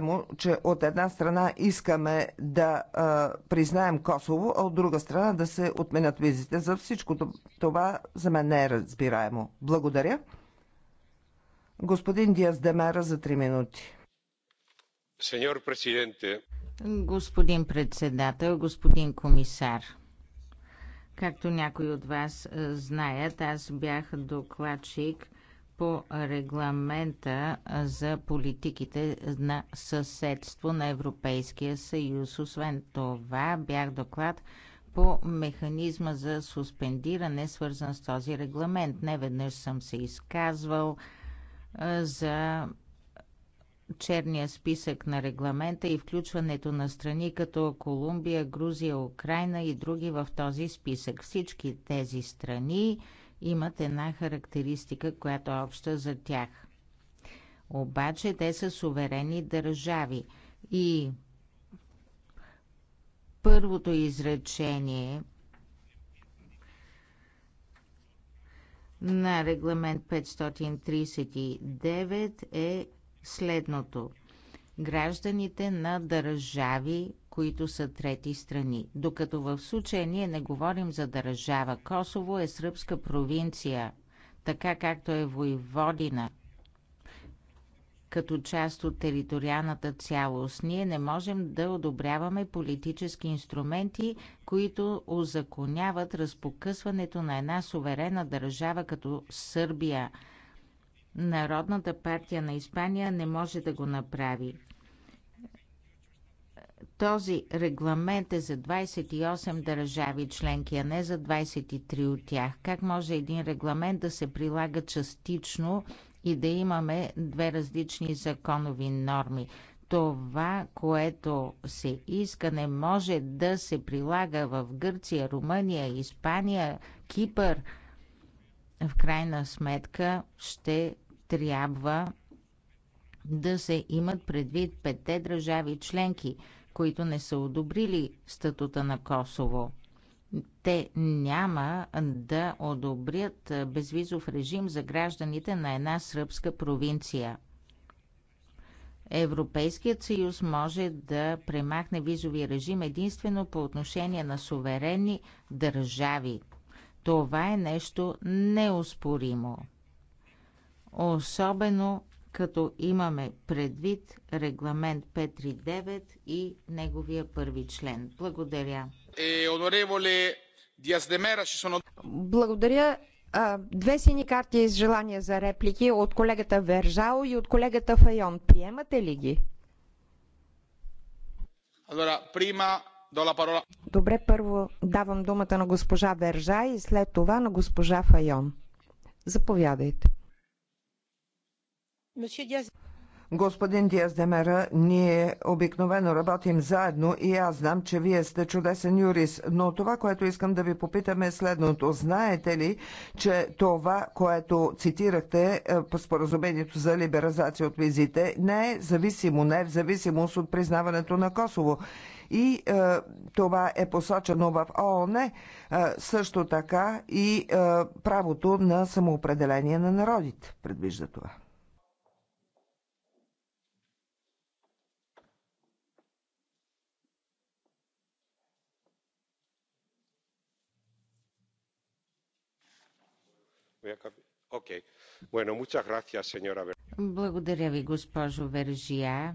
му, че от една страна искаме да а, признаем Косово, а от друга страна да се отменят визите за всичко. Това за мен не е разбираемо. Благодаря. Господин Диас Демера за 3 минути. Сеньор президенте. Господин председател, господин комисар. Както някои от вас знаят, аз бях докладчик по регламента за политиките на съседство на Европейския съюз. Освен това, бях доклад по механизма за суспендиране, свързан с този регламент. Неведнъж съм се изказвал за черния списък на регламента и включването на страни като Колумбия, Грузия, Украина и други в този списък. Всички тези страни имат една характеристика, която е обща за тях. Обаче те са суверени държави и първото изречение на регламент 539 е следното. Гражданите на държави които са трети страни. Докато в случая ние не говорим за държава. Косово е сръбска провинция, така както е Войводина, като част от териториалната цялост. Ние не можем да одобряваме политически инструменти, които озаконяват разпокъсването на една суверена държава като Сърбия. Народната партия на Испания не може да го направи. Този регламент е за 28 държави членки, а не за 23 от тях. Как може един регламент да се прилага частично и да имаме две различни законови норми? Това, което се иска, не може да се прилага в Гърция, Румъния, Испания, Кипър. В крайна сметка ще трябва да се имат предвид петте държави членки, които не са одобрили статута на Косово. Те няма да одобрят безвизов режим за гражданите на една сръбска провинция. Европейският съюз може да премахне визовия режим единствено по отношение на суверенни държави. Това е нещо неоспоримо. Особено като имаме предвид регламент 539 и неговия първи член. Благодаря. Е, Благодаря. Две сини карти с желание за реплики от колегата Вержао и от колегата Файон. Приемате ли ги? Добре, първо давам думата на госпожа Вержа и след това на госпожа Файон. Заповядайте. Господин Диас Демера, ние обикновено работим заедно и аз знам, че вие сте чудесен юрист, но това, което искам да ви попитам е следното. Знаете ли, че това, което цитирахте е, по споразумението за либеразация от визите, не е зависимо, не е в зависимост от признаването на Косово? и е, това е посочено в ООН, е, също така и е, правото на самоопределение на народите предвижда това. Благодаря ви, госпожо Вержия.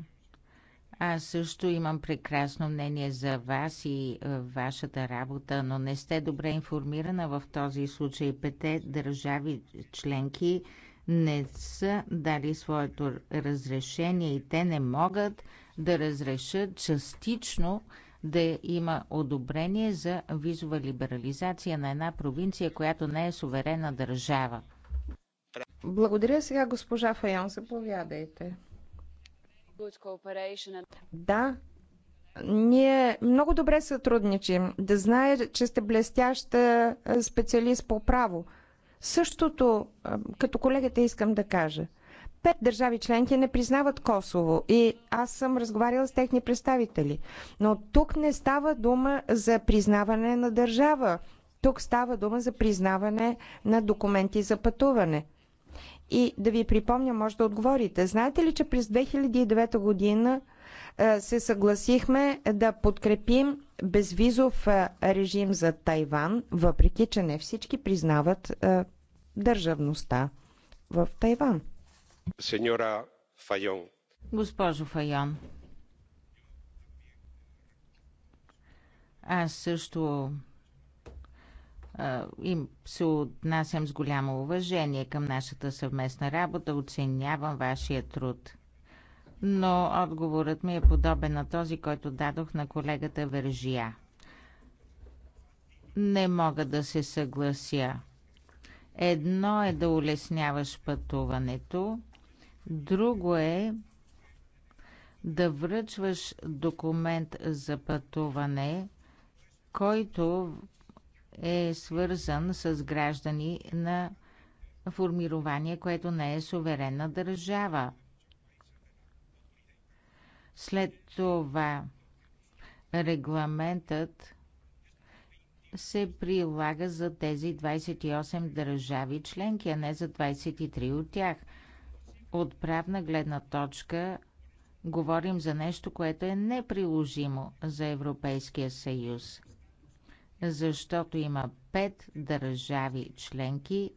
Аз също имам прекрасно мнение за вас и е, вашата работа, но не сте добре информирана в този случай. Пете държави членки не са дали своето разрешение и те не могат да разрешат частично да има одобрение за визова либерализация на една провинция, която не е суверена държава. Благодаря сега госпожа Файон, заповядайте. Да, ние много добре сътрудничим. Да знае, че сте блестяща специалист по право. Същото, като колегата искам да кажа – Пет държави членки не признават Косово и аз съм разговаряла с техни представители. Но тук не става дума за признаване на държава. Тук става дума за признаване на документи за пътуване. И да ви припомня, може да отговорите. Знаете ли, че през 2009 година е, се съгласихме да подкрепим безвизов е, режим за Тайван, въпреки че не всички признават е, държавността в Тайван. Сеньора Файон. Госпожо Файон. Аз също им се отнасям с голямо уважение към нашата съвместна работа, оценявам вашия труд. Но отговорът ми е подобен на този, който дадох на колегата Вержия. Не мога да се съглася. Едно е да улесняваш пътуването, Друго е да връчваш документ за пътуване, който е свързан с граждани на формирование, което не е суверенна държава. След това регламентът се прилага за тези 28 държави членки, а не за 23 от тях – от правна гледна точка говорим за нещо, което е неприложимо за Европейския съюз, защото има пет държави членки,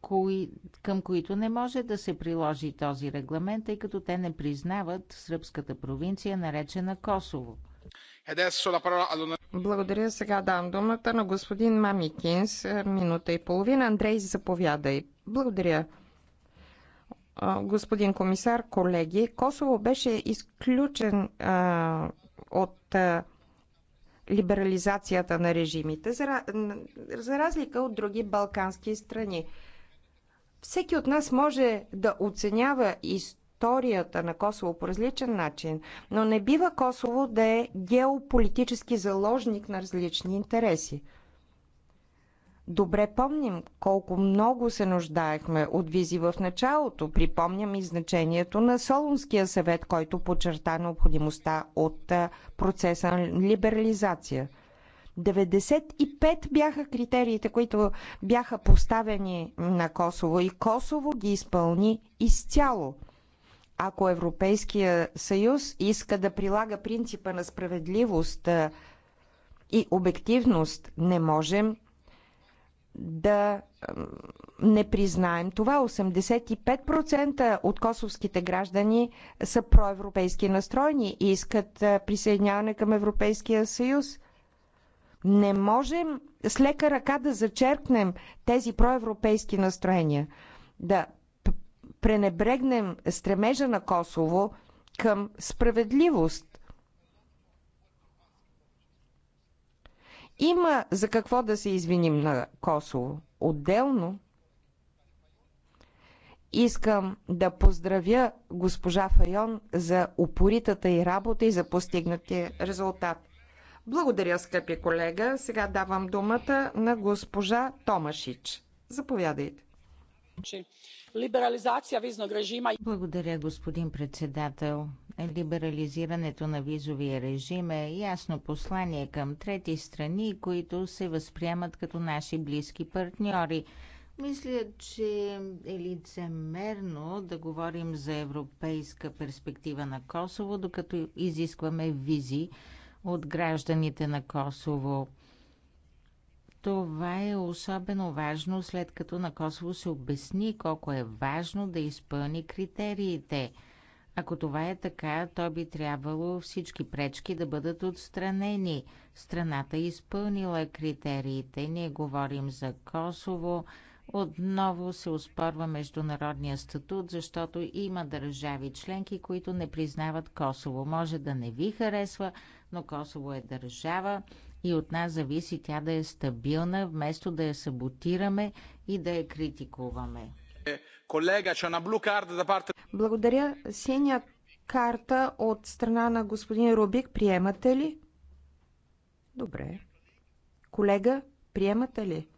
кои, към които не може да се приложи този регламент, тъй като те не признават сръбската провинция, наречена Косово. Благодаря. Сега давам думата на господин Мамикинс. Минута и половина. Андрей, заповядай. Благодаря господин комисар, колеги, Косово беше изключен а, от а, либерализацията на режимите, за, за разлика от други балкански страни. Всеки от нас може да оценява историята на Косово по различен начин, но не бива Косово да е геополитически заложник на различни интереси. Добре помним колко много се нуждаехме от визи в началото. Припомням и значението на Солунския съвет, който подчерта необходимостта от процеса на либерализация. 95 бяха критериите, които бяха поставени на Косово и Косово ги изпълни изцяло. Ако Европейския съюз иска да прилага принципа на справедливост и обективност, не можем да не признаем това. 85% от косовските граждани са проевропейски настроени и искат присъединяване към Европейския съюз. Не можем с лека ръка да зачеркнем тези проевропейски настроения, да пренебрегнем стремежа на Косово към справедливост Има за какво да се извиним на Косово. Отделно искам да поздравя госпожа Файон за упоритата и работа и за постигнатия резултат. Благодаря, скъпи колега. Сега давам думата на госпожа Томашич. Заповядайте. Благодаря, господин председател либерализирането на визовия режим е ясно послание към трети страни, които се възприемат като наши близки партньори. Мисля, че е лицемерно да говорим за европейска перспектива на Косово, докато изискваме визи от гражданите на Косово. Това е особено важно, след като на Косово се обясни колко е важно да изпълни критериите – ако това е така, то би трябвало всички пречки да бъдат отстранени. Страната е изпълнила критериите. Ние говорим за Косово. Отново се успорва международния статут, защото има държави членки, които не признават Косово. Може да не ви харесва, но Косово е държава и от нас зависи тя да е стабилна, вместо да я саботираме и да я критикуваме. Колега, карта да парта... Благодаря. Синя карта от страна на господин Рубик. Приемате ли? Добре. Колега, приемате ли?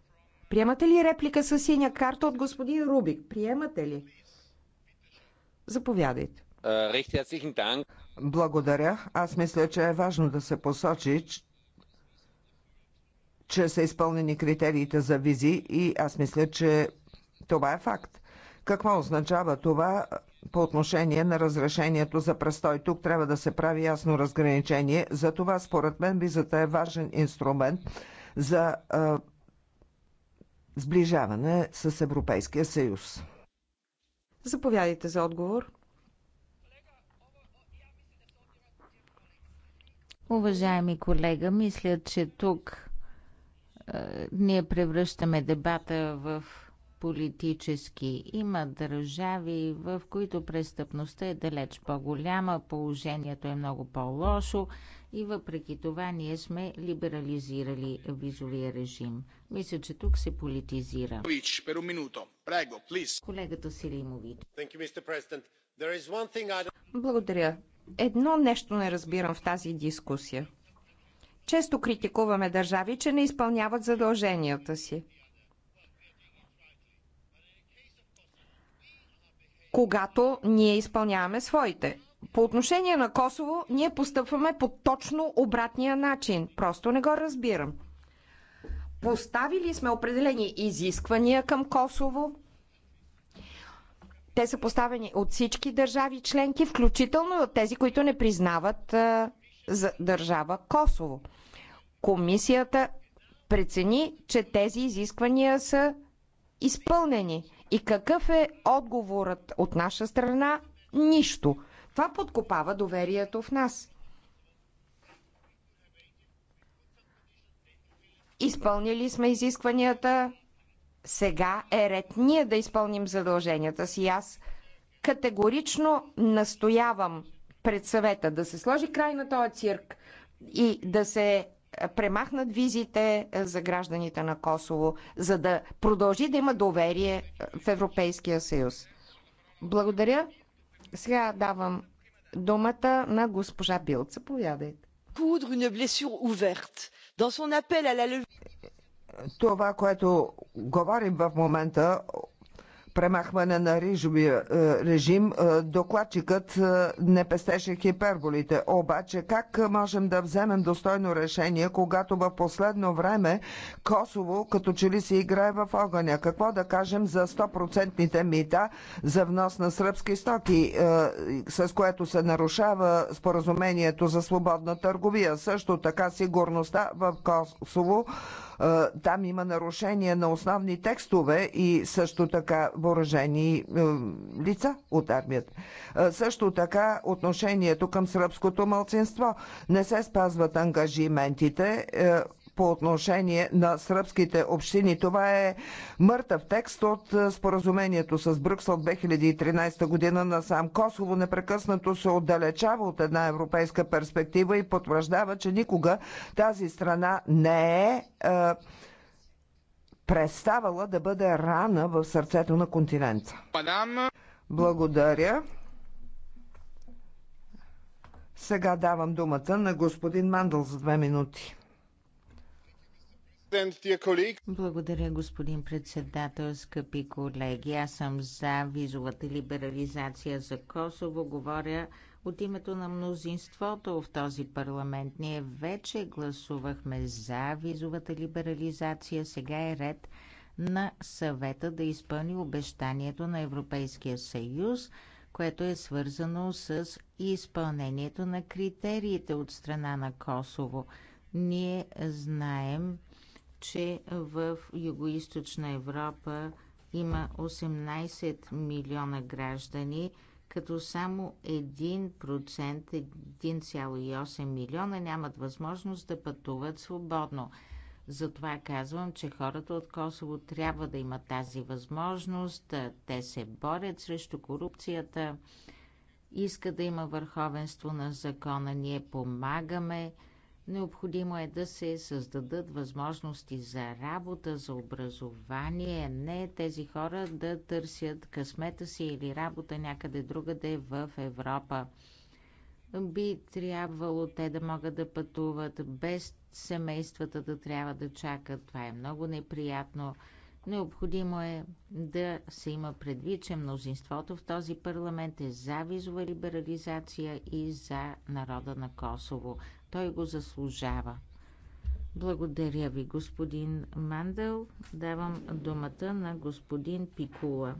Приемате ли реплика с синя карта от господин Рубик? Приемате ли? Заповядайте. Е, Благодаря. Аз мисля, че е важно да се посочи, че са изпълнени критериите за визи и аз мисля, че това е факт. Какво означава това по отношение на разрешението за престой? Тук трябва да се прави ясно разграничение. За това, според мен, визата е важен инструмент за а, сближаване с Европейския съюз. Заповядайте за отговор. Уважаеми колега, мисля, че тук е, ние превръщаме дебата в политически. Има държави, в които престъпността е далеч по-голяма, положението е много по-лошо и въпреки това ние сме либерализирали визовия режим. Мисля, че тук се политизира. Колегата Селимович. Благодаря. Едно нещо не разбирам в тази дискусия. Често критикуваме държави, че не изпълняват задълженията си. когато ние изпълняваме своите. По отношение на Косово, ние постъпваме по точно обратния начин. Просто не го разбирам. Поставили сме определени изисквания към Косово. Те са поставени от всички държави членки, включително и от тези, които не признават а, за държава Косово. Комисията прецени, че тези изисквания са изпълнени. И какъв е отговорът от наша страна? Нищо. Това подкопава доверието в нас. Изпълнили сме изискванията. Сега е ред ние да изпълним задълженията си. Аз категорично настоявам пред съвета да се сложи край на този цирк и да се премахнат визите е, за гражданите на Косово, за да продължи да има доверие е, в Европейския съюз. Благодаря. Сега давам думата на госпожа Билт. Заповядайте. Е, това, което говорим в момента, премахване на режимия е, режим, е, докладчикът е, не пестеше хиперболите. Обаче как можем да вземем достойно решение, когато в последно време Косово като че ли се играе в огъня? Какво да кажем за 100 мита за внос на сръбски стоки, с което се нарушава споразумението за свободна търговия? Също така сигурността в Косово там има нарушение на основни текстове и също така въоръжени лица от армията. Също така отношението към сръбското малцинство. Не се спазват ангажиментите по отношение на сръбските общини. Това е мъртъв текст от е, споразумението с Брюксел 2013 година на сам Косово. Непрекъснато се отдалечава от една европейска перспектива и потвърждава, че никога тази страна не е, е представала да бъде рана в сърцето на континента. Благодаря. Сега давам думата на господин Мандъл за две минути. Благодаря, господин председател, скъпи колеги. Аз съм за визовата либерализация за Косово. Говоря от името на мнозинството в този парламент. Ние вече гласувахме за визовата либерализация. Сега е ред на съвета да изпълни обещанието на Европейския съюз, което е свързано с изпълнението на критериите от страна на Косово. Ние знаем, че в Югоизточна Европа има 18 милиона граждани, като само 1%, 1,8 милиона нямат възможност да пътуват свободно. Затова казвам, че хората от Косово трябва да имат тази възможност. Те се борят срещу корупцията, искат да има върховенство на закона. Ние помагаме Необходимо е да се създадат възможности за работа, за образование, не тези хора да търсят късмета си или работа някъде другаде в Европа. Би трябвало те да могат да пътуват без семействата да трябва да чакат. Това е много неприятно. Необходимо е да се има предвид, че мнозинството в този парламент е за визова либерализация и за народа на Косово. Той го заслужава. Благодаря ви, господин Мандел. Давам думата на господин Пикула.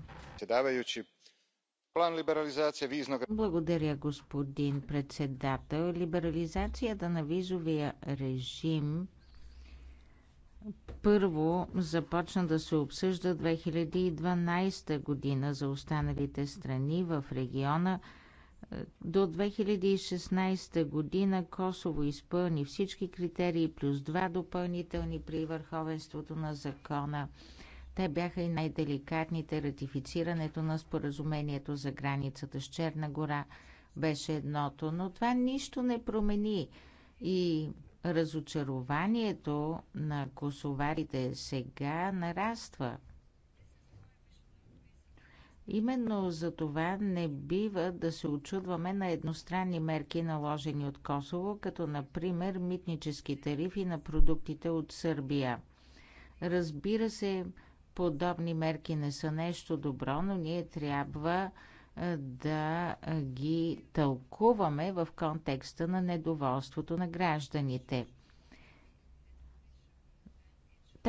план либерализация Благодаря, господин председател. Либерализацията на визовия режим първо започна да се обсъжда 2012 година за останалите страни в региона – до 2016 година Косово изпълни всички критерии плюс два допълнителни при върховенството на закона. Те бяха и най-деликатните. Ратифицирането на споразумението за границата с Черна гора беше едното, но това нищо не промени. И разочарованието на косоварите сега нараства. Именно за това не бива да се очудваме на едностранни мерки, наложени от Косово, като например митнически тарифи на продуктите от Сърбия. Разбира се, подобни мерки не са нещо добро, но ние трябва да ги тълкуваме в контекста на недоволството на гражданите.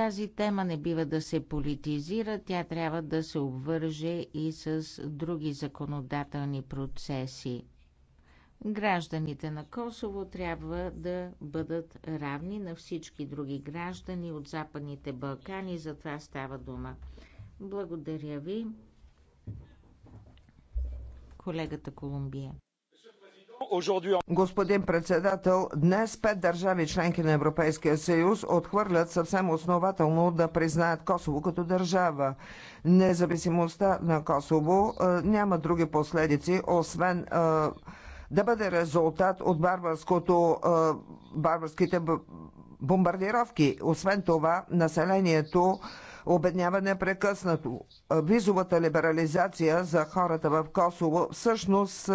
Тази тема не бива да се политизира, тя трябва да се обвърже и с други законодателни процеси. Гражданите на Косово трябва да бъдат равни на всички други граждани от Западните Балкани, за това става дума. Благодаря ви, колегата Колумбия. Господин председател, днес пет държави членки на Европейския съюз отхвърлят съвсем основателно да признаят Косово като държава. Независимостта на Косово е, няма други последици, освен е, да бъде резултат от барбарското, е, барбарските бомбардировки. Освен това, населението обеднява непрекъснато. Визовата либерализация за хората в Косово всъщност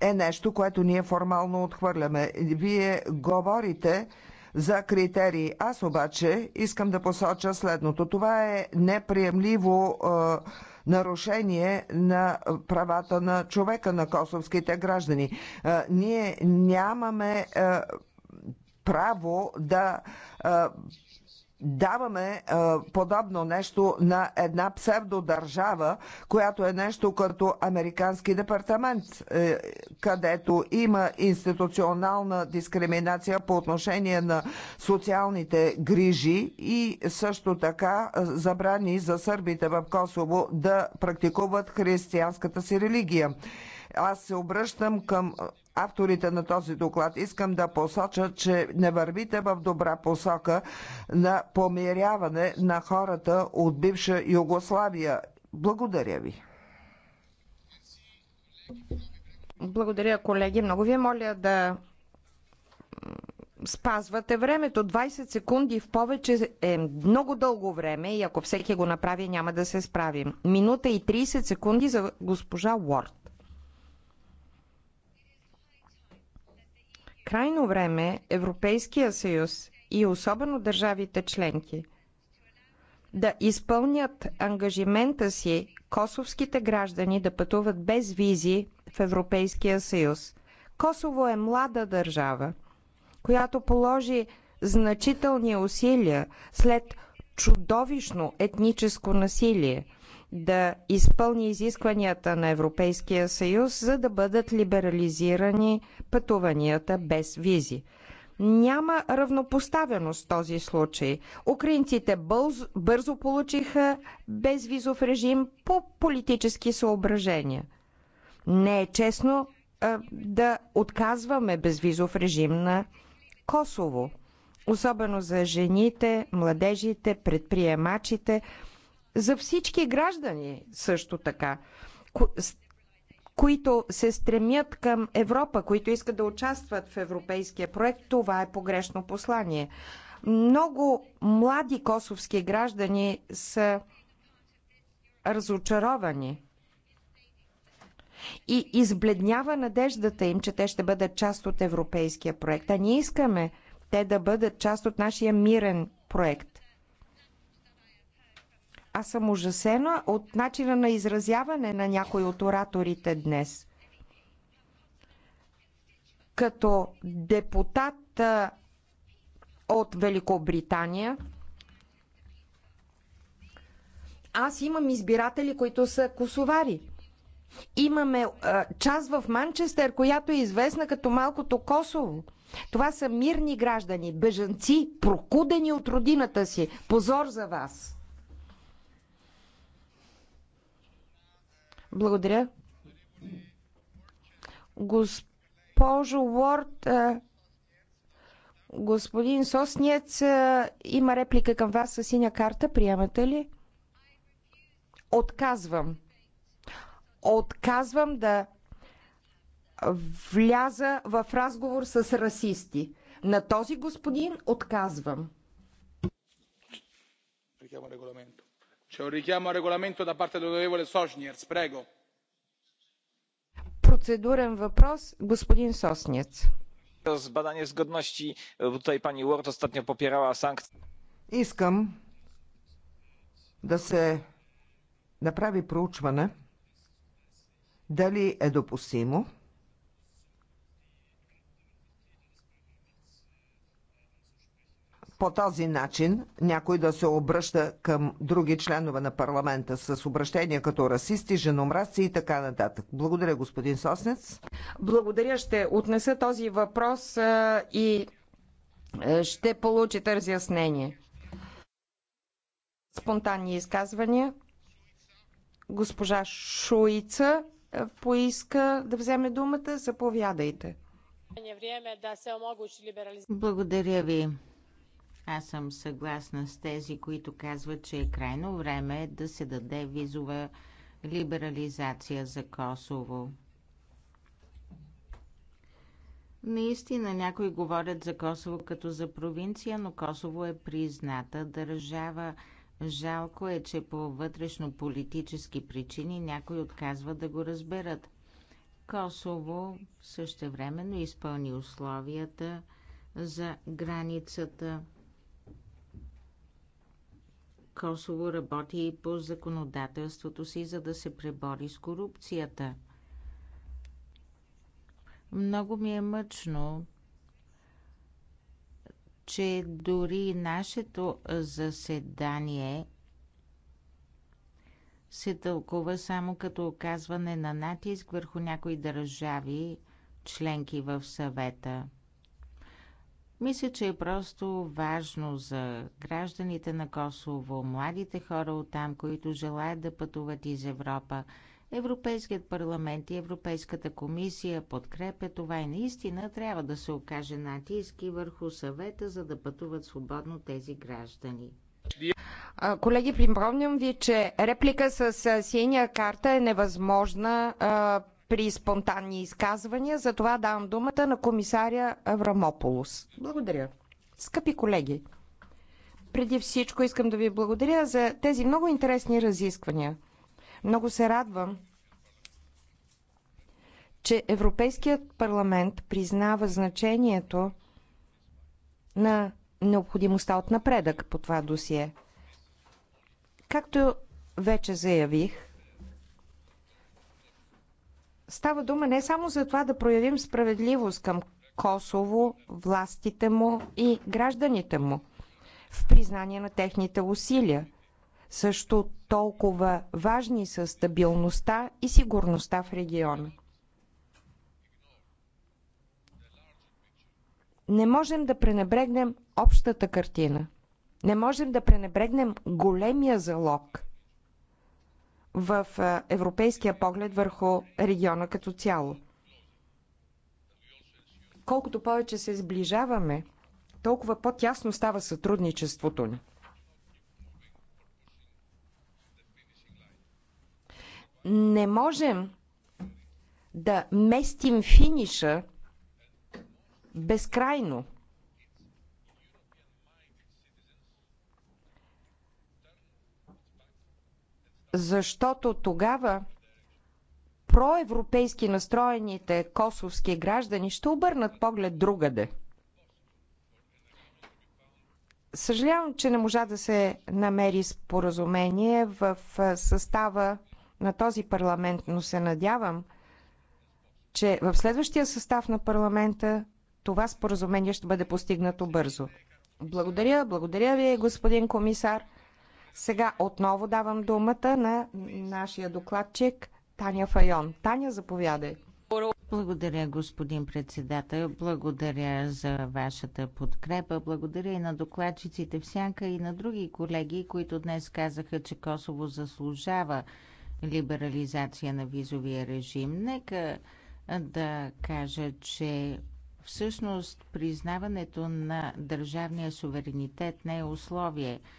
е нещо, което ние формално отхвърляме. Вие говорите за критерии. Аз обаче искам да посоча следното. Това е неприемливо е, нарушение на правата на човека на косовските граждани. Е, ние нямаме е, право да е, даваме а, е, подобно нещо на една псевдодържава, която е нещо като Американски департамент, е, където има институционална дискриминация по отношение на социалните грижи и също така е, забрани за сърбите в Косово да практикуват християнската си религия. Аз се обръщам към авторите на този доклад. Искам да посоча, че не вървите в добра посока на помиряване на хората от бивша Югославия. Благодаря ви. Благодаря, колеги. Много ви моля да спазвате времето. 20 секунди в повече е много дълго време и ако всеки го направи, няма да се справим. Минута и 30 секунди за госпожа Уорд. Крайно време Европейския съюз и особено държавите членки да изпълнят ангажимента си косовските граждани да пътуват без визи в Европейския съюз. Косово е млада държава, която положи значителни усилия след чудовищно етническо насилие – да изпълни изискванията на Европейския съюз, за да бъдат либерализирани пътуванията без визи. Няма равнопоставеност в този случай. Украинците бързо, бързо получиха безвизов режим по политически съображения. Не е честно а, да отказваме безвизов режим на Косово особено за жените, младежите, предприемачите, за всички граждани също така, които се стремят към Европа, които искат да участват в европейския проект, това е погрешно послание. Много млади косовски граждани са разочаровани и избледнява надеждата им, че те ще бъдат част от европейския проект. А ние искаме те да бъдат част от нашия мирен проект. Аз съм ужасена от начина на изразяване на някои от ораторите днес. Като депутат от Великобритания, аз имам избиратели, които са косовари. Имаме а, част в Манчестър, която е известна като Малкото Косово. Това са мирни граждани, бежанци, прокудени от родината си. Позор за вас! Благодаря. Госпожо Уорд, господин Соснец има реплика към вас със синя карта. Приемате ли? Отказвам. Отказвам да вляза в разговор с расисти. На този господин отказвам. Richiamo regolamento c'è un richiamo al regolamento da parte dell'onorevole sonierz prego. процедурен въпрос господин сосниец. zbadanie zgodności tutaj pani ward ostatnio popierała sankcje. искам да се направи проучване дали е допустимо по този начин някой да се обръща към други членове на парламента с обращения като расисти, женомразци и така нататък. Благодаря, господин Соснец. Благодаря. Ще отнеса този въпрос и е, ще получите разяснение. Спонтанни изказвания. Госпожа Шуица е, поиска да вземе думата. Заповядайте. Е Благодаря ви. Аз съм съгласна с тези, които казват, че е крайно време да се даде визова либерализация за Косово. Наистина някои говорят за Косово като за провинция, но Косово е призната държава. Жалко е, че по вътрешно-политически причини някои отказват да го разберат. Косово същевременно изпълни условията за границата Косово работи и по законодателството си, за да се пребори с корупцията. Много ми е мъчно, че дори нашето заседание се тълкува само като оказване на натиск върху някои държави членки в съвета. Мисля, че е просто важно за гражданите на Косово, младите хора от там, които желаят да пътуват из Европа. Европейският парламент и Европейската комисия подкрепя това и наистина трябва да се окаже натиски върху съвета, за да пътуват свободно тези граждани. Колеги, припомням ви, че реплика с синя карта е невъзможна при спонтанни изказвания. Затова давам думата на комисаря Аврамополос. Благодаря. Скъпи колеги, преди всичко искам да ви благодаря за тези много интересни разисквания. Много се радвам, че Европейският парламент признава значението на необходимостта от напредък по това досие. Както вече заявих, Става дума не само за това да проявим справедливост към Косово, властите му и гражданите му в признание на техните усилия. Също толкова важни са стабилността и сигурността в региона. Не можем да пренебрегнем общата картина. Не можем да пренебрегнем големия залог – в европейския поглед върху региона като цяло. Колкото повече се сближаваме, толкова по-тясно става сътрудничеството ни. Не можем да местим финиша безкрайно – защото тогава проевропейски настроените косовски граждани ще обърнат поглед другаде. Съжалявам, че не можа да се намери споразумение в състава на този парламент, но се надявам, че в следващия състав на парламента това споразумение ще бъде постигнато бързо. Благодаря, благодаря ви, господин комисар. Сега отново давам думата на нашия докладчик Таня Файон. Таня, заповядай. Благодаря, господин председател. Благодаря за вашата подкрепа. Благодаря и на докладчиците всяка и на други колеги, които днес казаха, че Косово заслужава либерализация на визовия режим. Нека да кажа, че всъщност признаването на държавния суверенитет не е условие –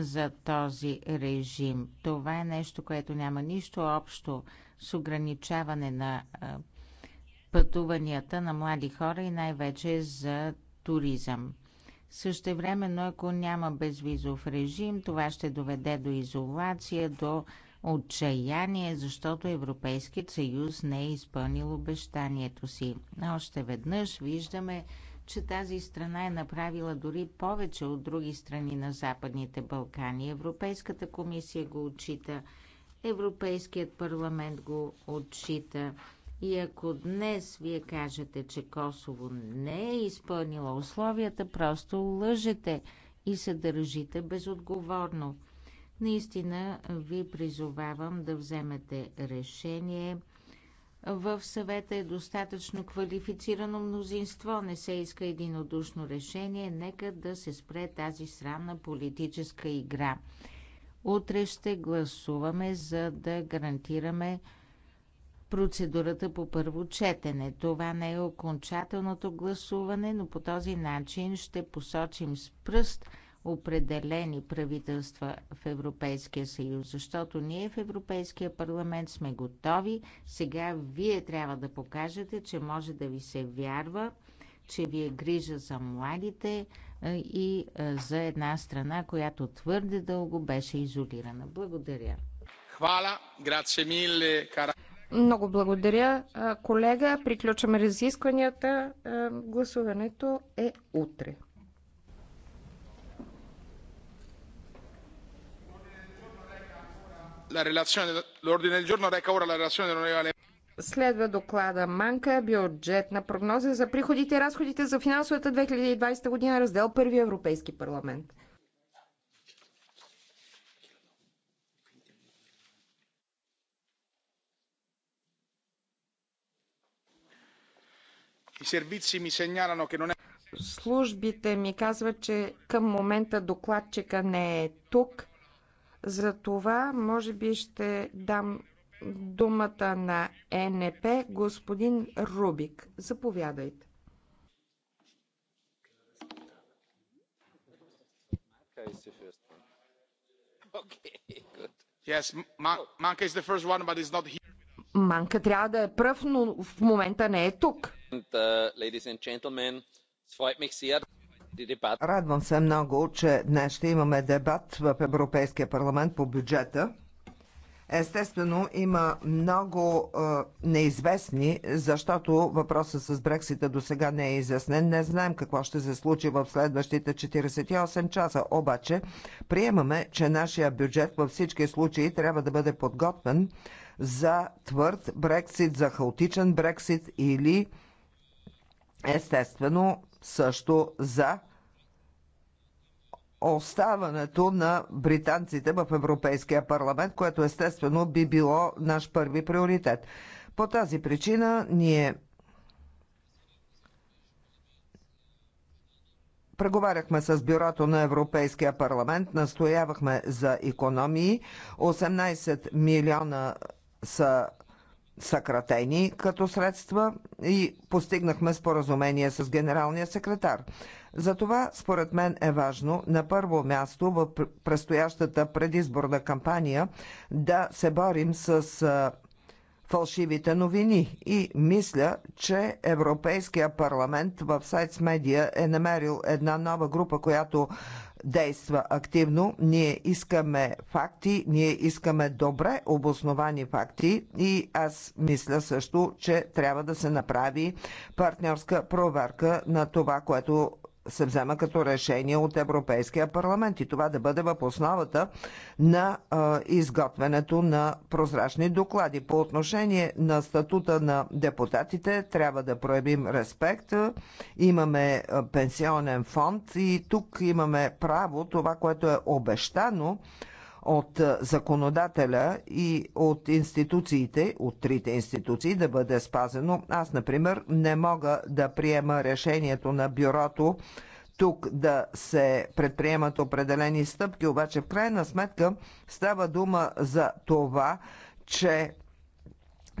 за този режим. Това е нещо, което няма нищо общо с ограничаване на пътуванията на млади хора и най-вече за туризъм. но ако няма безвизов режим, това ще доведе до изолация, до отчаяние, защото Европейският съюз не е изпълнил обещанието си. Още веднъж виждаме че тази страна е направила дори повече от други страни на Западните Балкани. Европейската комисия го отчита, Европейският парламент го отчита. И ако днес вие кажете, че Косово не е изпълнила условията, просто лъжете и се държите безотговорно. Наистина ви призовавам да вземете решение в съвета е достатъчно квалифицирано мнозинство, не се иска единодушно решение, нека да се спре тази срамна политическа игра. Утре ще гласуваме, за да гарантираме процедурата по първо четене. Това не е окончателното гласуване, но по този начин ще посочим с пръст – определени правителства в Европейския съюз, защото ние в Европейския парламент сме готови. Сега вие трябва да покажете, че може да ви се вярва, че ви е грижа за младите е, и е, за една страна, която твърде дълго беше изолирана. Благодаря. Хвала, грация миле, кара... Много благодаря, колега. Приключваме разискванията. Гласуването е утре. Следва доклада Манка, бюджетна прогноза за приходите и разходите за финансовата 2020 година, раздел 1 Европейски парламент. Службите ми казват, че към момента докладчика не е тук. За това, може би, ще дам думата на ЕНП господин Рубик. Заповядайте. Манка трябва да е пръв, но в момента не е тук. Uh, Радвам се много, че днес ще имаме дебат в Европейския парламент по бюджета. Естествено, има много е, неизвестни, защото въпросът с Брексита до сега не е изяснен. Не знаем какво ще се случи в следващите 48 часа. Обаче, приемаме, че нашия бюджет във всички случаи трябва да бъде подготвен за твърд Брексит, за хаотичен Брексит или естествено също за оставането на британците в Европейския парламент, което естествено би било наш първи приоритет. По тази причина ние Преговаряхме с бюрото на Европейския парламент, настоявахме за економии. 18 милиона са съкратени като средства и постигнахме споразумение с генералния секретар. Затова, според мен, е важно на първо място в предстоящата предизборна кампания да се борим с фалшивите новини и мисля, че Европейския парламент в Сайтс Медиа е намерил една нова група, която действа активно. Ние искаме факти, ние искаме добре обосновани факти и аз мисля също, че трябва да се направи партньорска проверка на това, което се взема като решение от Европейския парламент и това да бъде в основата на изготвянето на прозрачни доклади. По отношение на статута на депутатите трябва да проявим респект. Имаме пенсионен фонд и тук имаме право това, което е обещано от е, законодателя и от институциите, от трите институции да бъде спазено. Аз, например, не мога да приема решението на бюрото тук да се предприемат определени стъпки, обаче в крайна сметка става дума за това, че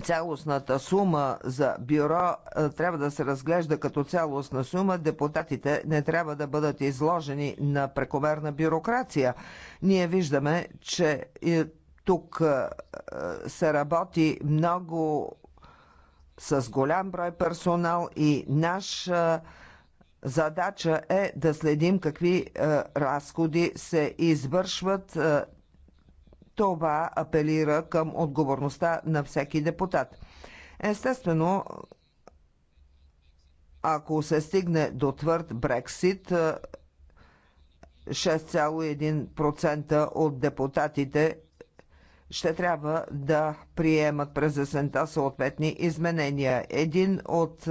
цялостната сума за бюро е, трябва да се разглежда като цялостна сума. Депутатите не трябва да бъдат изложени на прекомерна бюрокрация. Ние виждаме, че е, тук е, се работи много с голям брой персонал и наша задача е да следим какви разходи се извършват това апелира към отговорността на всеки депутат. Естествено, ако се стигне до твърд Брексит, 6,1% от депутатите ще трябва да приемат през есента съответни изменения. Един от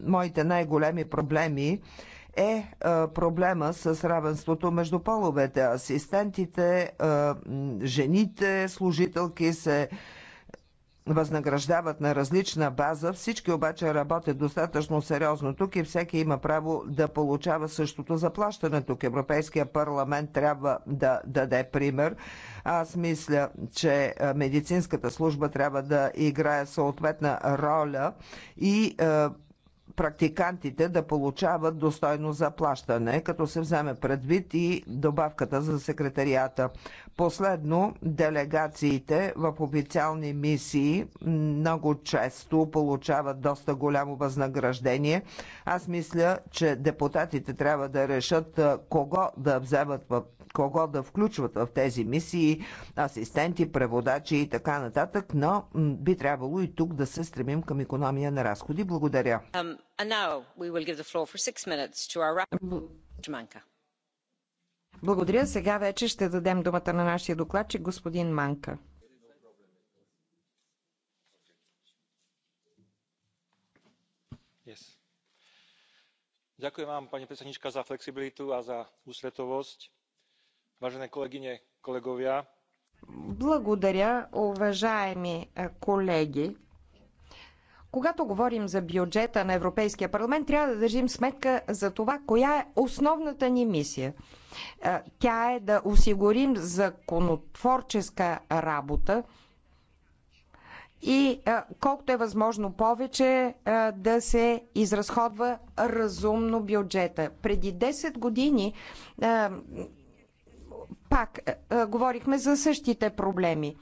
моите най-големи проблеми е, е проблема с равенството между половете. Асистентите, е, жените, служителки се възнаграждават на различна база, всички обаче работят достатъчно сериозно тук и всеки има право да получава същото заплащане тук. Европейския парламент трябва да даде пример. Аз мисля, че е, медицинската служба трябва да играе съответна роля и практикантите да получават достойно заплащане, като се вземе предвид и добавката за секретарията. Последно, делегациите в официални мисии много често получават доста голямо възнаграждение. Аз мисля, че депутатите трябва да решат кого да вземат в кого да включват в тези мисии, асистенти, преводачи и така нататък, но би трябвало и тук да се стремим към економия на разходи. Благодаря. Um, our... Благодаря. Сега вече ще дадем думата на нашия докладчик, господин Манка. Yes. Ďakujem vám, pani за za flexibilitu a za ústretovosť. Vážené kolegyne, kolegovia. Благодаря, уважаеми е, колеги. Когато говорим за бюджета на Европейския парламент, трябва да държим сметка за това, коя е основната ни мисия – е, тя е да осигурим законотворческа работа и е, колкото е възможно повече е, да се изразходва разумно бюджета. Преди 10 години пак говорихме за същите проблеми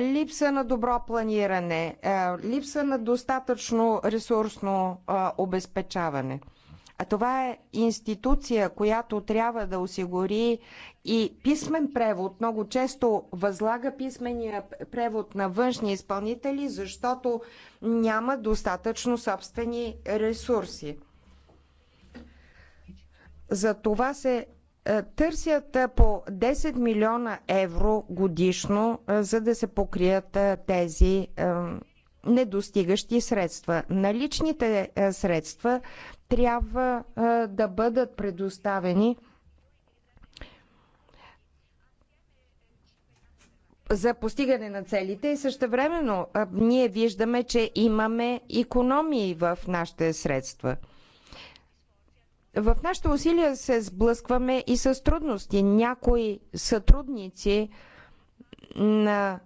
липса на добро планиране, липса на достатъчно ресурсно обезпечаване. А това е институция, която трябва да осигури и писмен превод. Много често възлага писмения превод на външни изпълнители, защото няма достатъчно собствени ресурси. За това се е, търсят е, по 10 милиона евро годишно, е, за да се покрият тези недостигащи средства. Наличните е, средства трябва е, да бъдат предоставени за постигане на целите и същевременно е, ние виждаме, че имаме економии в нашите средства. В нашите усилия се сблъскваме и с трудности. Някои сътрудници на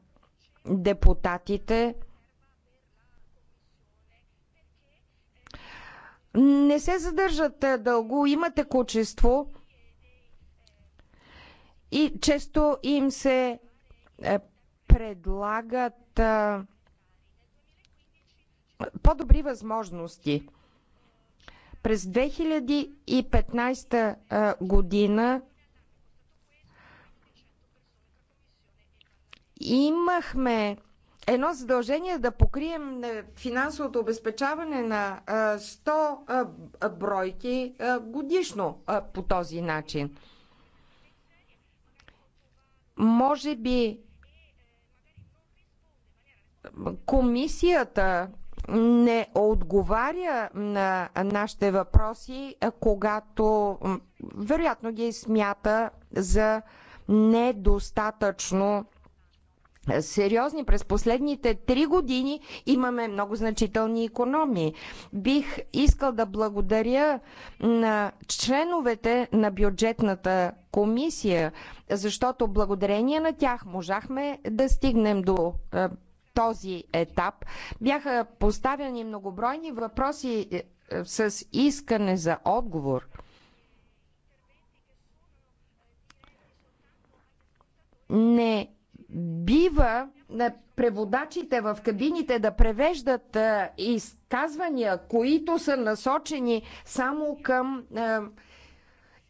депутатите не се задържат дълго, имат кучество, и често им се е, предлагат по-добри възможности. През 2015 година имахме едно задължение е да покрием е, финансовото обезпечаване на 100 е, бройки годишно по този начин. Може би комисията не отговаря на нашите въпроси, когато вероятно ги смята за недостатъчно сериозни. През последните три години имаме много значителни економии. Бих искал да благодаря на членовете на бюджетната комисия, защото благодарение на тях можахме да стигнем до е, този етап. Бяха поставени многобройни въпроси е, с искане за отговор. Не бива на преводачите в кабините да превеждат изказвания, които са насочени само към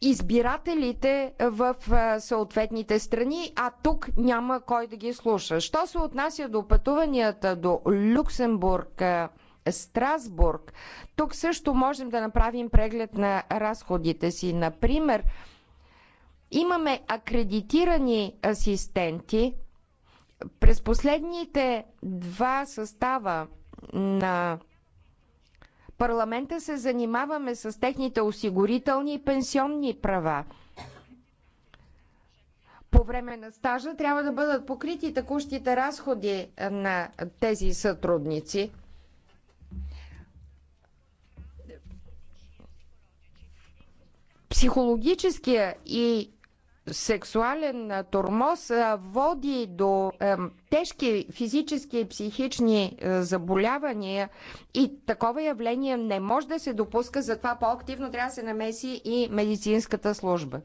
избирателите в съответните страни, а тук няма кой да ги слуша. Що се отнася до пътуванията до Люксембург, Страсбург, тук също можем да направим преглед на разходите си. Например, имаме акредитирани асистенти – през последните два състава на парламента се занимаваме с техните осигурителни и пенсионни права. По време на стажа трябва да бъдат покрити текущите разходи на тези сътрудници. Психологическия и сексуален тормоз води до тежки физически и психични е, заболявания и такова явление не може да се допуска, затова по-активно трябва да се намеси и медицинската служба.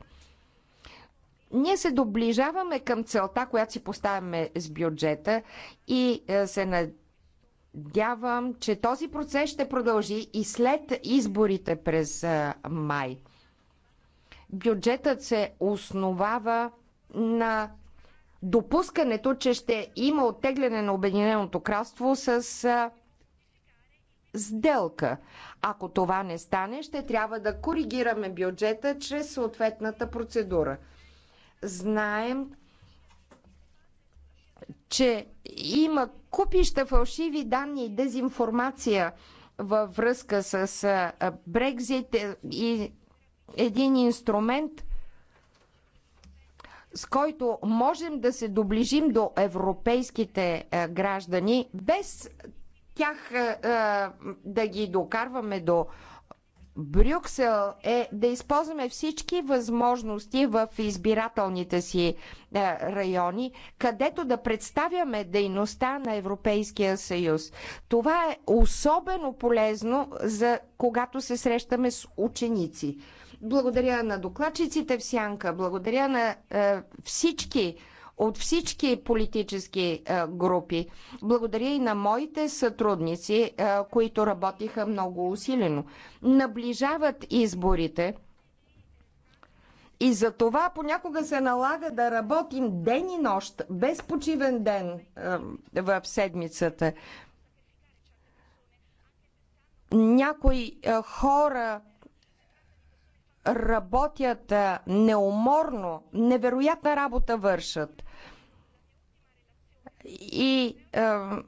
Ние се доближаваме към целта, която си поставяме с бюджета и е, се надявам, че този процес ще продължи и след изборите през е, май бюджетът се основава на допускането, че ще има оттегляне на Обединеното кралство с сделка. Ако това не стане, ще трябва да коригираме бюджета чрез съответната процедура. Знаем, че има купища фалшиви данни и дезинформация във връзка с Брекзит и един инструмент, с който можем да се доближим до европейските е, граждани, без тях е, е, да ги докарваме до Брюксел е да използваме всички възможности в избирателните си райони, където да представяме дейността на Европейския съюз. Това е особено полезно за когато се срещаме с ученици. Благодаря на докладчиците в Сянка, благодаря на е, всички от всички политически е, групи. Благодаря и на моите сътрудници, е, които работиха много усилено. Наближават изборите. И за това понякога се налага да работим ден и нощ, без почивен ден в седмицата. Някои хора работят неуморно, невероятна работа вършат. И е,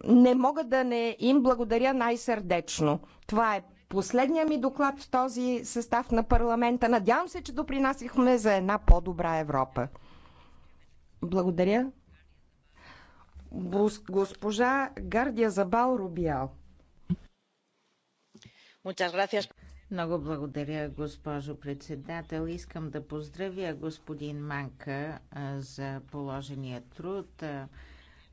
не мога да не им благодаря най-сърдечно. Това е последния ми доклад в този състав на парламента. Надявам се, че допринасихме за една по-добра Европа. Благодаря. Госпожа Гардия Забал Рубиал. Много благодаря, госпожо председател. Искам да поздравя господин Манка за положения труд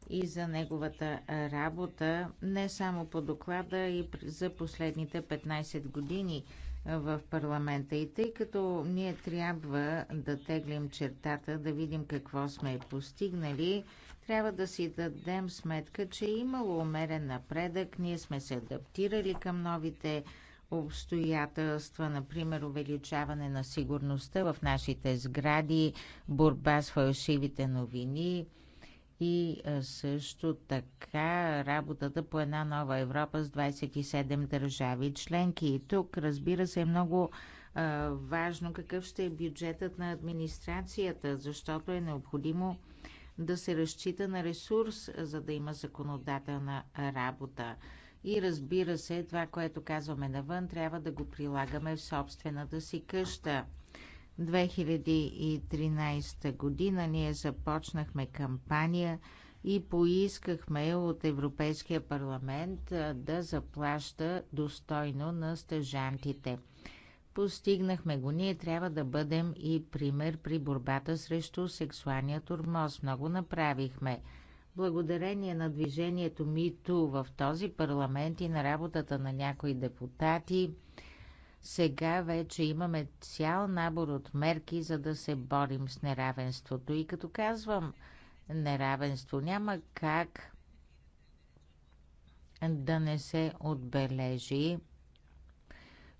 и за неговата работа не само по доклада и за последните 15 години в парламента. И тъй като ние трябва да теглим чертата, да видим какво сме постигнали, трябва да си дадем сметка, че е имало умерен напредък, ние сме се адаптирали към новите обстоятелства, например увеличаване на сигурността в нашите сгради, борба с фалшивите новини и също така работата по една нова Европа с 27 държави членки. И тук, разбира се, е много а, важно какъв ще е бюджетът на администрацията, защото е необходимо да се разчита на ресурс, за да има законодателна работа. И разбира се, това, което казваме навън, трябва да го прилагаме в собствената си къща. 2013 година ние започнахме кампания и поискахме от Европейския парламент да заплаща достойно на стъжантите. Постигнахме го. Ние трябва да бъдем и пример при борбата срещу сексуалния турмоз. Много направихме. Благодарение на движението МИТО в този парламент и на работата на някои депутати, сега вече имаме цял набор от мерки, за да се борим с неравенството. И като казвам неравенство, няма как да не се отбележи,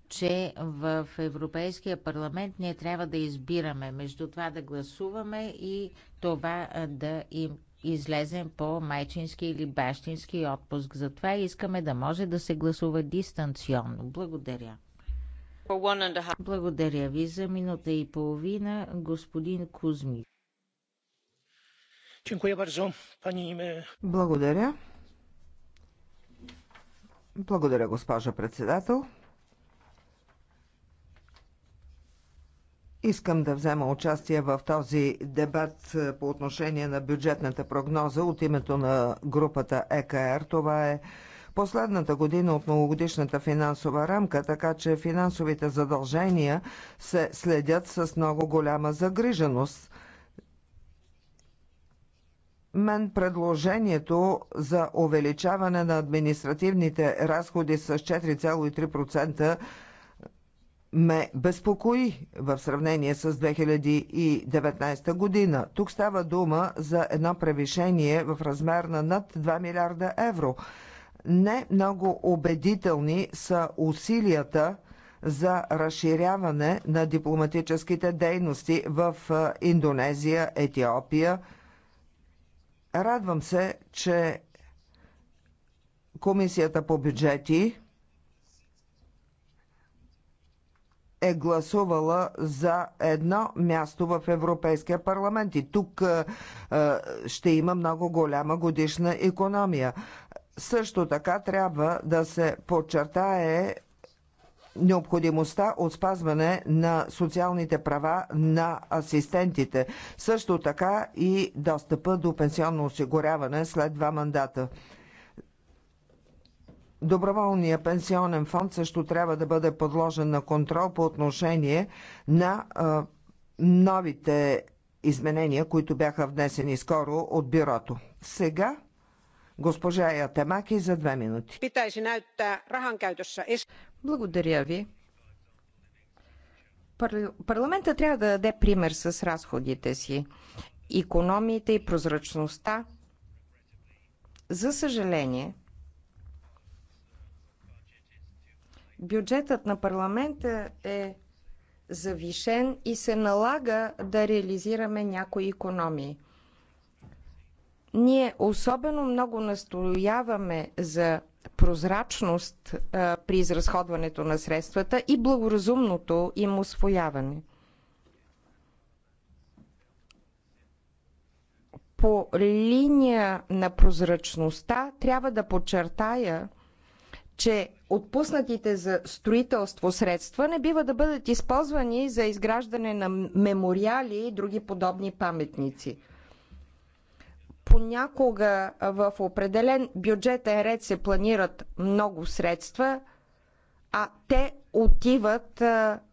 че в Европейския парламент ние трябва да избираме между това да гласуваме и това да им излезем по майчински или бащински отпуск. Затова искаме да може да се гласува дистанционно. Благодаря. Благодаря ви за минута и половина, господин Кузми. E, Благодаря. Благодаря, госпожа председател. Искам да взема участие в този дебат е, по отношение на бюджетната прогноза от името на групата ЕКР. Това е последната година от многогодишната финансова рамка, така че финансовите задължения се следят с много голяма загриженост. Мен предложението за увеличаване на административните разходи с 4,3% ме безпокои в сравнение с 2019 година. Тук става дума за едно превишение в размер на над 2 милиарда евро. Не много убедителни са усилията за разширяване на дипломатическите дейности в Индонезия, Етиопия. Радвам се, че Комисията по бюджети е гласувала за едно място в Европейския парламент. И тук е, е, ще има много голяма годишна економия. Също така трябва да се подчертае необходимостта от спазване на социалните права на асистентите. Също така и достъпа до пенсионно осигуряване след два мандата. Доброволният пенсионен фонд също трябва да бъде подложен на контрол по отношение на а, новите изменения, които бяха внесени скоро от бюрото. Сега госпожа Ятемаки за две минути. Благодаря ви. Парламента трябва да даде пример с разходите си, економиите и прозрачността. За съжаление, Бюджетът на парламента е завишен и се налага да реализираме някои економии. Ние особено много настояваме за прозрачност а, при изразходването на средствата и благоразумното им освояване. По линия на прозрачността трябва да подчертая, че отпуснатите за строителство средства не бива да бъдат използвани за изграждане на мемориали и други подобни паметници. Понякога в определен бюджетен ред се планират много средства, а те отиват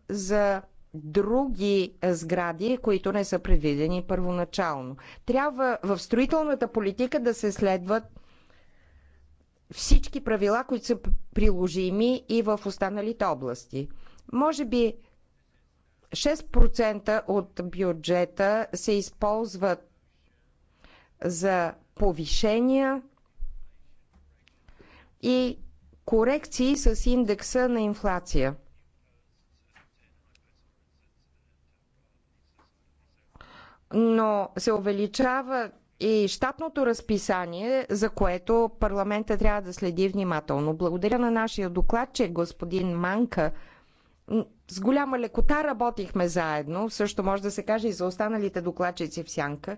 за други сгради, които не са предвидени първоначално. Трябва в строителната политика да се следват всички правила, които са приложими и в останалите области. Може би 6% от бюджета се използват за повишения и корекции с индекса на инфлация. Но се увеличават и щатното разписание, за което парламента трябва да следи внимателно. Благодаря на нашия доклад, че господин Манка с голяма лекота работихме заедно, също може да се каже и за останалите докладчици в Сянка.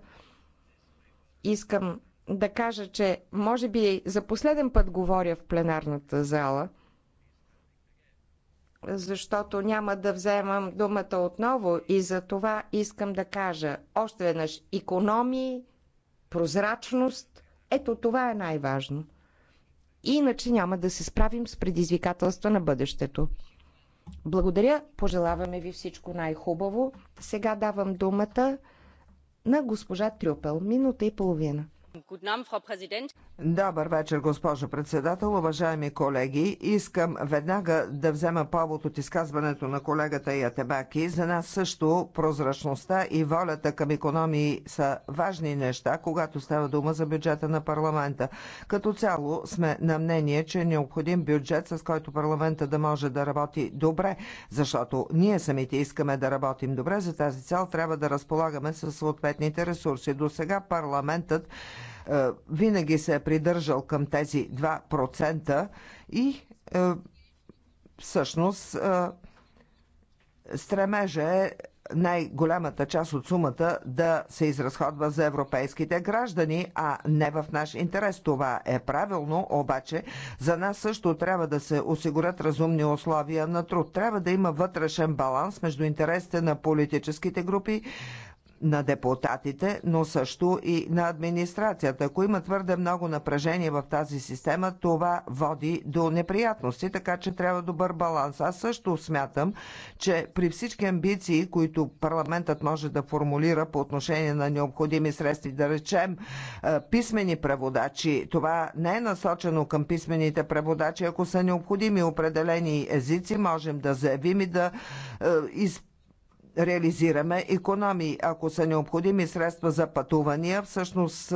Искам да кажа, че може би за последен път говоря в пленарната зала, защото няма да вземам думата отново и за това искам да кажа още веднъж економии, прозрачност. Ето това е най-важно. Иначе няма да се справим с предизвикателства на бъдещето. Благодаря, пожелаваме ви всичко най-хубаво. Сега давам думата на госпожа Трюпел. Минута и половина. Добър вечер, госпожо председател, уважаеми колеги. Искам веднага да взема повод от изказването на колегата Ятебаки. За нас също прозрачността и волята към економии са важни неща, когато става дума за бюджета на парламента. Като цяло сме на мнение, че е необходим бюджет, с който парламента да може да работи добре, защото ние самите искаме да работим добре. За тази цел трябва да разполагаме с съответните ресурси. До сега парламентът е, винаги се е придържал към тези 2% и е, всъщност е, стремежа е най-голямата част от сумата да се изразходва за европейските граждани, а не в наш интерес. Това е правилно, обаче за нас също трябва да се осигурят разумни условия на труд. Трябва да има вътрешен баланс между интересите на политическите групи, на депутатите, но също и на администрацията. Ако има твърде много напрежение в тази система, това води до неприятности, така че трябва добър баланс. Аз също смятам, че при всички амбиции, които парламентът може да формулира по отношение на необходими средства, да речем е, писмени преводачи, това не е насочено към писмените преводачи. Ако са необходими определени езици, можем да заявим и да е, изпълним реализираме економии. Ако са необходими средства за пътувания, всъщност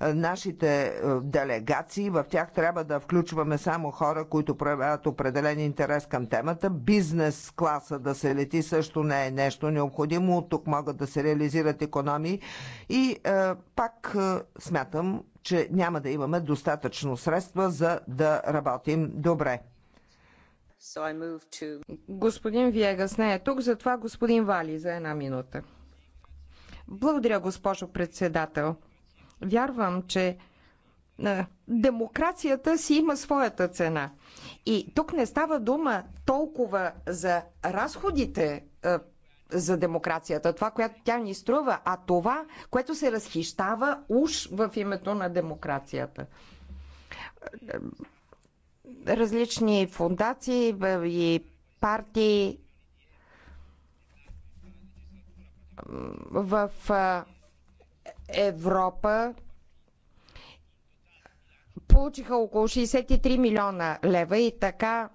нашите делегации, в тях трябва да включваме само хора, които проявяват определен интерес към темата. Бизнес класа да се лети също не е нещо необходимо. Тук могат да се реализират економии. И пак смятам, че няма да имаме достатъчно средства за да работим добре. Господин Виегас не е тук, затова господин Вали за една минута. Благодаря, госпожо председател. Вярвам, че демокрацията си има своята цена. И тук не става дума толкова за разходите за демокрацията, това, което тя ни струва, а това, което се разхищава уж в името на демокрацията различни фундации и партии в Европа получиха около 63 милиона лева и така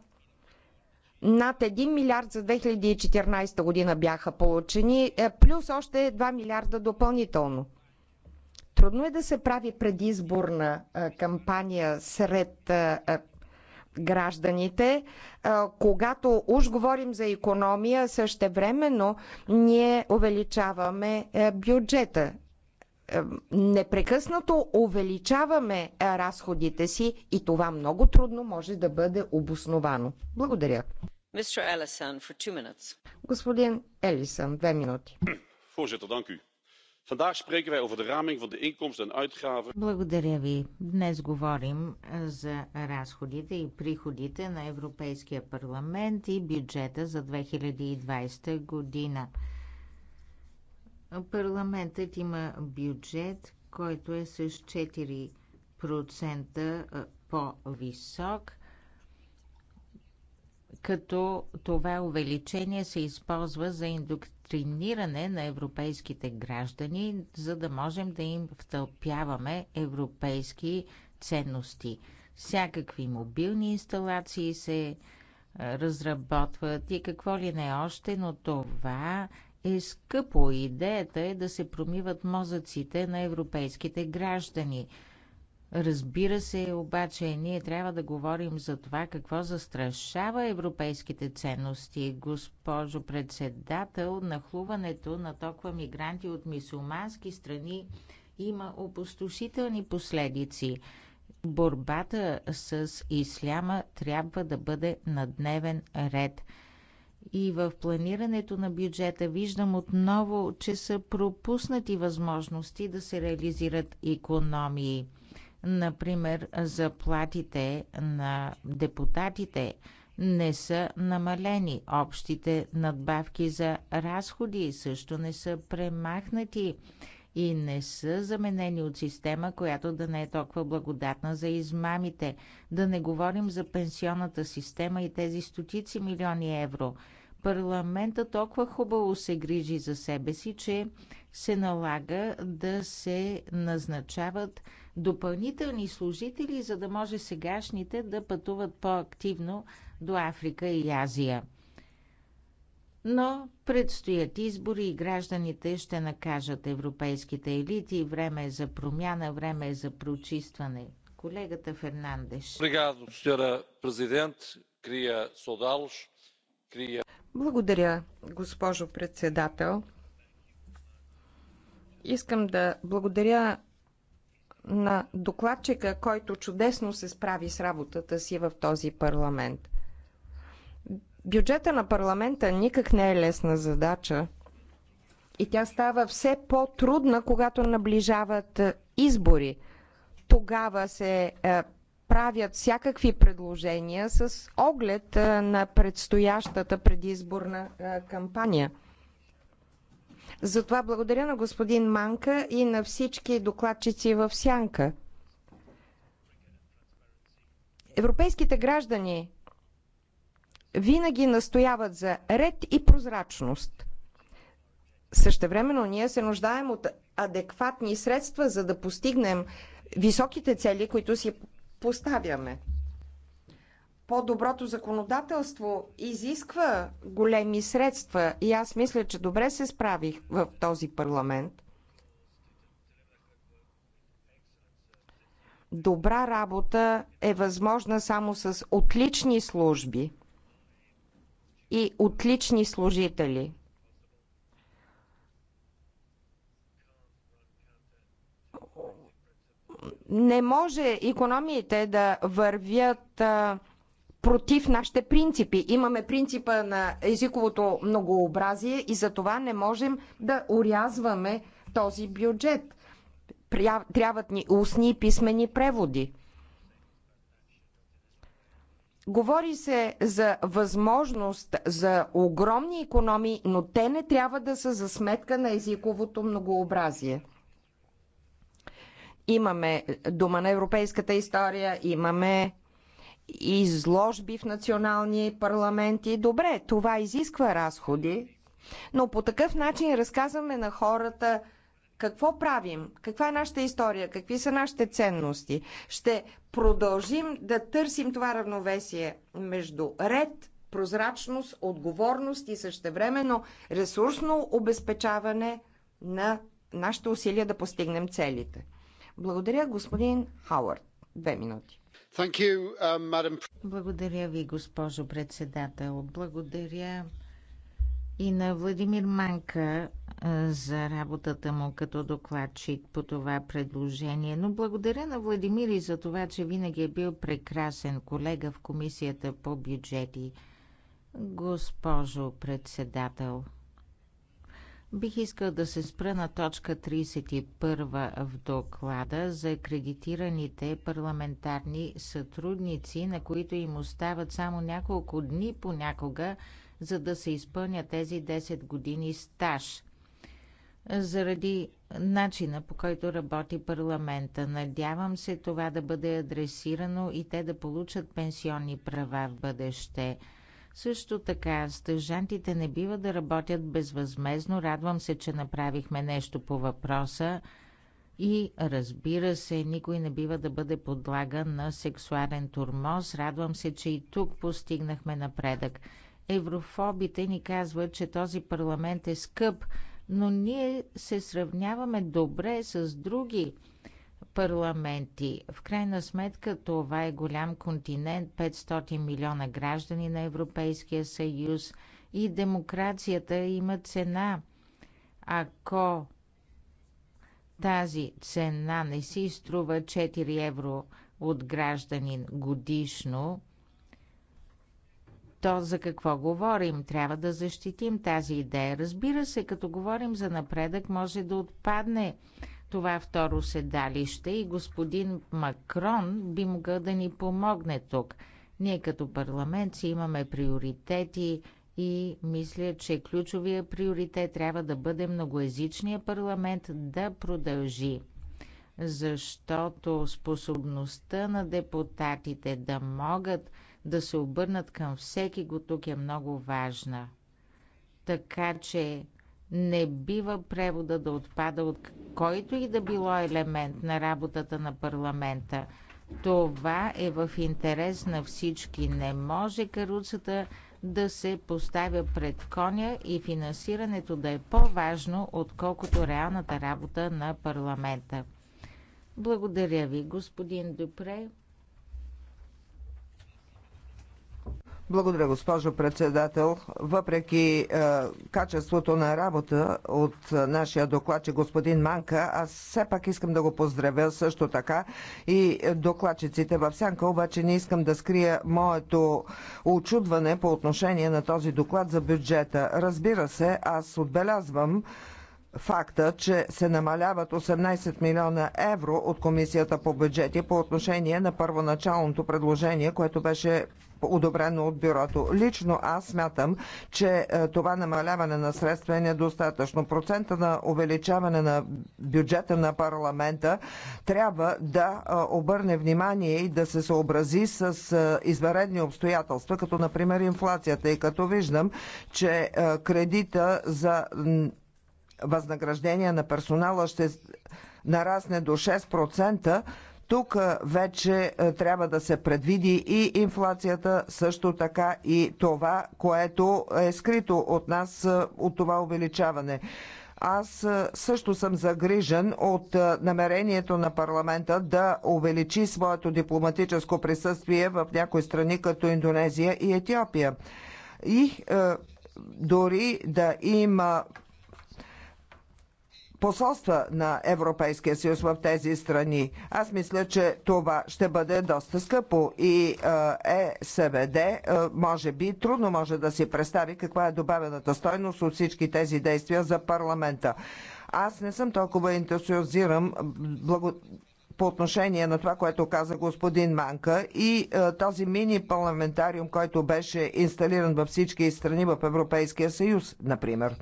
над 1 милиард за 2014 година бяха получени, е, плюс още 2 милиарда допълнително. Трудно е да се прави предизборна кампания сред гражданите, когато уж говорим за економия, същевременно ние увеличаваме е, бюджета. Е, непрекъснато увеличаваме е, разходите си и това много трудно може да бъде обосновано. Благодаря. Господин Елисън, две минути. Благодаря ви. Днес говорим за разходите и приходите на Европейския парламент и бюджета за 2020 година. Парламентът има бюджет, който е с 4% по-висок като това увеличение се използва за индоктриниране на европейските граждани, за да можем да им втълпяваме европейски ценности. Всякакви мобилни инсталации се е, разработват и какво ли не още, но това е скъпо. Идеята е да се промиват мозъците на европейските граждани – Разбира се, обаче, ние трябва да говорим за това какво застрашава европейските ценности. Госпожо председател, нахлуването на толкова мигранти от мисулмански страни има опустошителни последици. Борбата с исляма трябва да бъде на дневен ред. И в планирането на бюджета виждам отново, че са пропуснати възможности да се реализират економии – Например, заплатите на депутатите не са намалени. Общите надбавки за разходи също не са премахнати и не са заменени от система, която да не е толкова благодатна за измамите. Да не говорим за пенсионната система и тези стотици милиони евро. Парламента толкова хубаво се грижи за себе си, че се налага да се назначават допълнителни служители, за да може сегашните да пътуват по-активно до Африка и Азия. Но предстоят избори и гражданите ще накажат европейските елити. Време е за промяна, време е за прочистване. Колегата Фернандеш. Благодаря, госпожо председател. Искам да благодаря на докладчика, който чудесно се справи с работата си в този парламент. Бюджета на парламента никак не е лесна задача и тя става все по-трудна, когато наближават е, избори. Тогава се е, правят всякакви предложения с оглед е, на предстоящата предизборна кампания – затова благодаря на господин Манка и на всички докладчици в Сянка. Европейските граждани винаги настояват за ред и прозрачност. Същевременно ние се нуждаем от адекватни средства, за да постигнем високите цели, които си поставяме по-доброто законодателство изисква големи средства и аз мисля, че добре се справих в този парламент. Добра работа е възможна само с отлични служби и отлични служители. Не може економиите да вървят а, против нашите принципи. Имаме принципа на езиковото многообразие и за това не можем да урязваме този бюджет. Трябват ни устни и писмени преводи. Говори се за възможност за огромни економии, но те не трябва да са за сметка на езиковото многообразие. Имаме Дума на европейската история, имаме изложби в национални парламенти. Добре, това изисква разходи, но по такъв начин разказваме на хората какво правим, каква е нашата история, какви са нашите ценности. Ще продължим да търсим това равновесие между ред, прозрачност, отговорност и същевременно ресурсно обезпечаване на нашите усилия да постигнем целите. Благодаря, господин Хауърд. Две минути. Um, благодаря ви, госпожо председател. Благодаря и на Владимир Манка за работата му като докладчик по това предложение. Но благодаря на Владимир и за това, че винаги е бил прекрасен колега в Комисията по бюджети. Госпожо председател, Бих искал да се спра на точка 31 в доклада за акредитираните парламентарни сътрудници, на които им остават само няколко дни понякога, за да се изпълнят тези 10 години стаж. Заради начина по който работи парламента, надявам се това да бъде адресирано и те да получат пенсионни права в бъдеще – също така, стъжантите не бива да работят безвъзмезно. Радвам се, че направихме нещо по въпроса. И разбира се, никой не бива да бъде подлаган на сексуален турмоз. Радвам се, че и тук постигнахме напредък. Еврофобите ни казват, че този парламент е скъп, но ние се сравняваме добре с други парламенти. В крайна сметка това е голям континент, 500 милиона граждани на Европейския съюз и демокрацията има цена. Ако тази цена не си струва 4 евро от гражданин годишно, то за какво говорим? Трябва да защитим тази идея. Разбира се, като говорим за напредък, може да отпадне това второ седалище и господин Макрон би могъл да ни помогне тук. Ние като парламент си имаме приоритети и мисля, че ключовия приоритет трябва да бъде многоязичния парламент да продължи. Защото способността на депутатите да могат да се обърнат към всеки го тук е много важна. Така че не бива превода да отпада от който и да било елемент на работата на парламента. Това е в интерес на всички. Не може каруцата да се поставя пред коня и финансирането да е по-важно, отколкото реалната работа на парламента. Благодаря ви, господин Дупре. Благодаря, госпожо председател. Въпреки е, качеството на работа от нашия докладчик господин Манка, аз все пак искам да го поздравя също така и докладчиците в сянка, обаче не искам да скрия моето очудване по отношение на този доклад за бюджета. Разбира се, аз отбелязвам факта, че се намаляват 18 милиона евро от Комисията по бюджети по отношение на първоначалното предложение, което беше одобрено от бюрото. Лично аз смятам, че е, това намаляване на средства е недостатъчно. Процента на увеличаване на бюджета на парламента трябва да е, обърне внимание и да се съобрази с е, изваредни обстоятелства, като например инфлацията. И като виждам, че кредита за възнаграждения на персонала ще нарасне до 6%, тук вече трябва да се предвиди и инфлацията, също така и това, което е скрито от нас от това увеличаване. Аз също съм загрижен от намерението на парламента да увеличи своето дипломатическо присъствие в някои страни като Индонезия и Етиопия. И е, дори да има посолства на Европейския съюз в тези страни. Аз мисля, че това ще бъде доста скъпо и ЕСВД е, може би трудно може да си представи каква е добавената стойност от всички тези действия за парламента. Аз не съм толкова ентусиазиран благо... по отношение на това, което каза господин Манка и е, този мини парламентариум, който беше инсталиран във всички страни в Европейския съюз, например.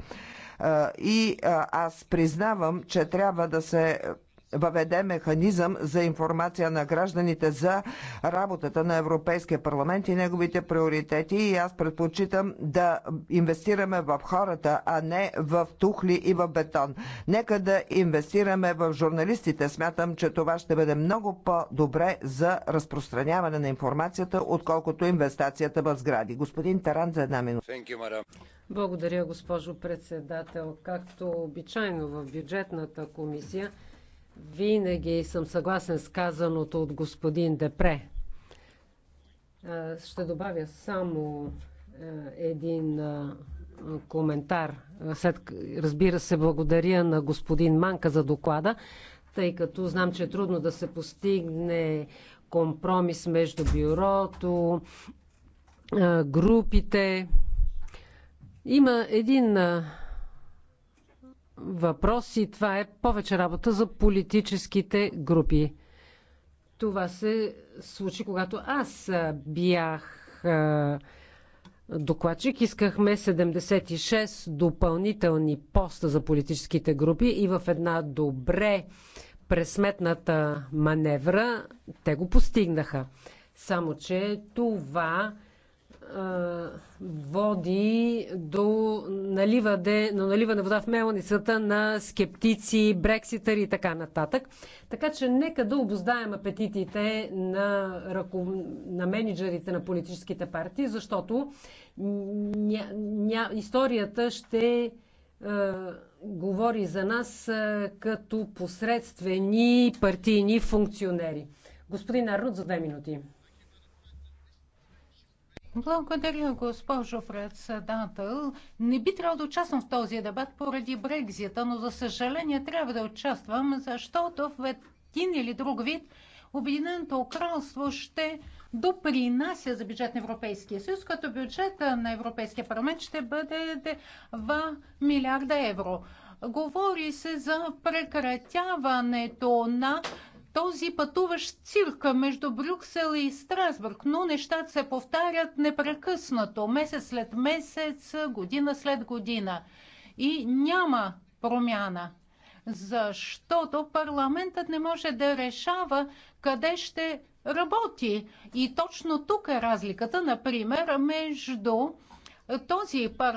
И аз признавам, че трябва да се въведе механизъм за информация на гражданите за работата на Европейския парламент и неговите приоритети и аз предпочитам да инвестираме в хората, а не в тухли и в бетон. Нека да инвестираме в журналистите. Смятам, че това ще бъде много по-добре за разпространяване на информацията, отколкото инвестацията в сгради. Господин Таран за една минута. Благодаря, госпожо председател. Както обичайно в бюджетната комисия, винаги съм съгласен с казаното от господин Депре. Ще добавя само един коментар. След, разбира се, благодаря на господин Манка за доклада, тъй като знам, че е трудно да се постигне компромис между бюрото, групите. Има един въпрос и това е повече работа за политическите групи. Това се случи, когато аз бях докладчик. Искахме 76 допълнителни поста за политическите групи и в една добре пресметната маневра те го постигнаха. Само, че това води до наливане, но наливане вода в мелницата на скептици, брекситъри и така нататък. Така че нека да обоздаем апетитите на, ръко... на менеджерите на политическите партии, защото ня... Ня... историята ще е, говори за нас е, като посредствени партийни функционери. Господин Арнут, за две минути. Благодаря, госпожо председател. Не би трябвало да участвам в този дебат поради Брекзита, но за съжаление трябва да участвам, защото в един или друг вид Обединеното кралство ще допринася за бюджет на Европейския съюз, като бюджета на Европейския парламент ще бъде 2 милиарда евро. Говори се за прекратяването на този пътуващ цирк между Брюксел и Страсбург, но нещата се повтарят непрекъснато, месец след месец, година след година. И няма промяна, защото парламентът не може да решава къде ще работи. И точно тук е разликата, например, между този парламент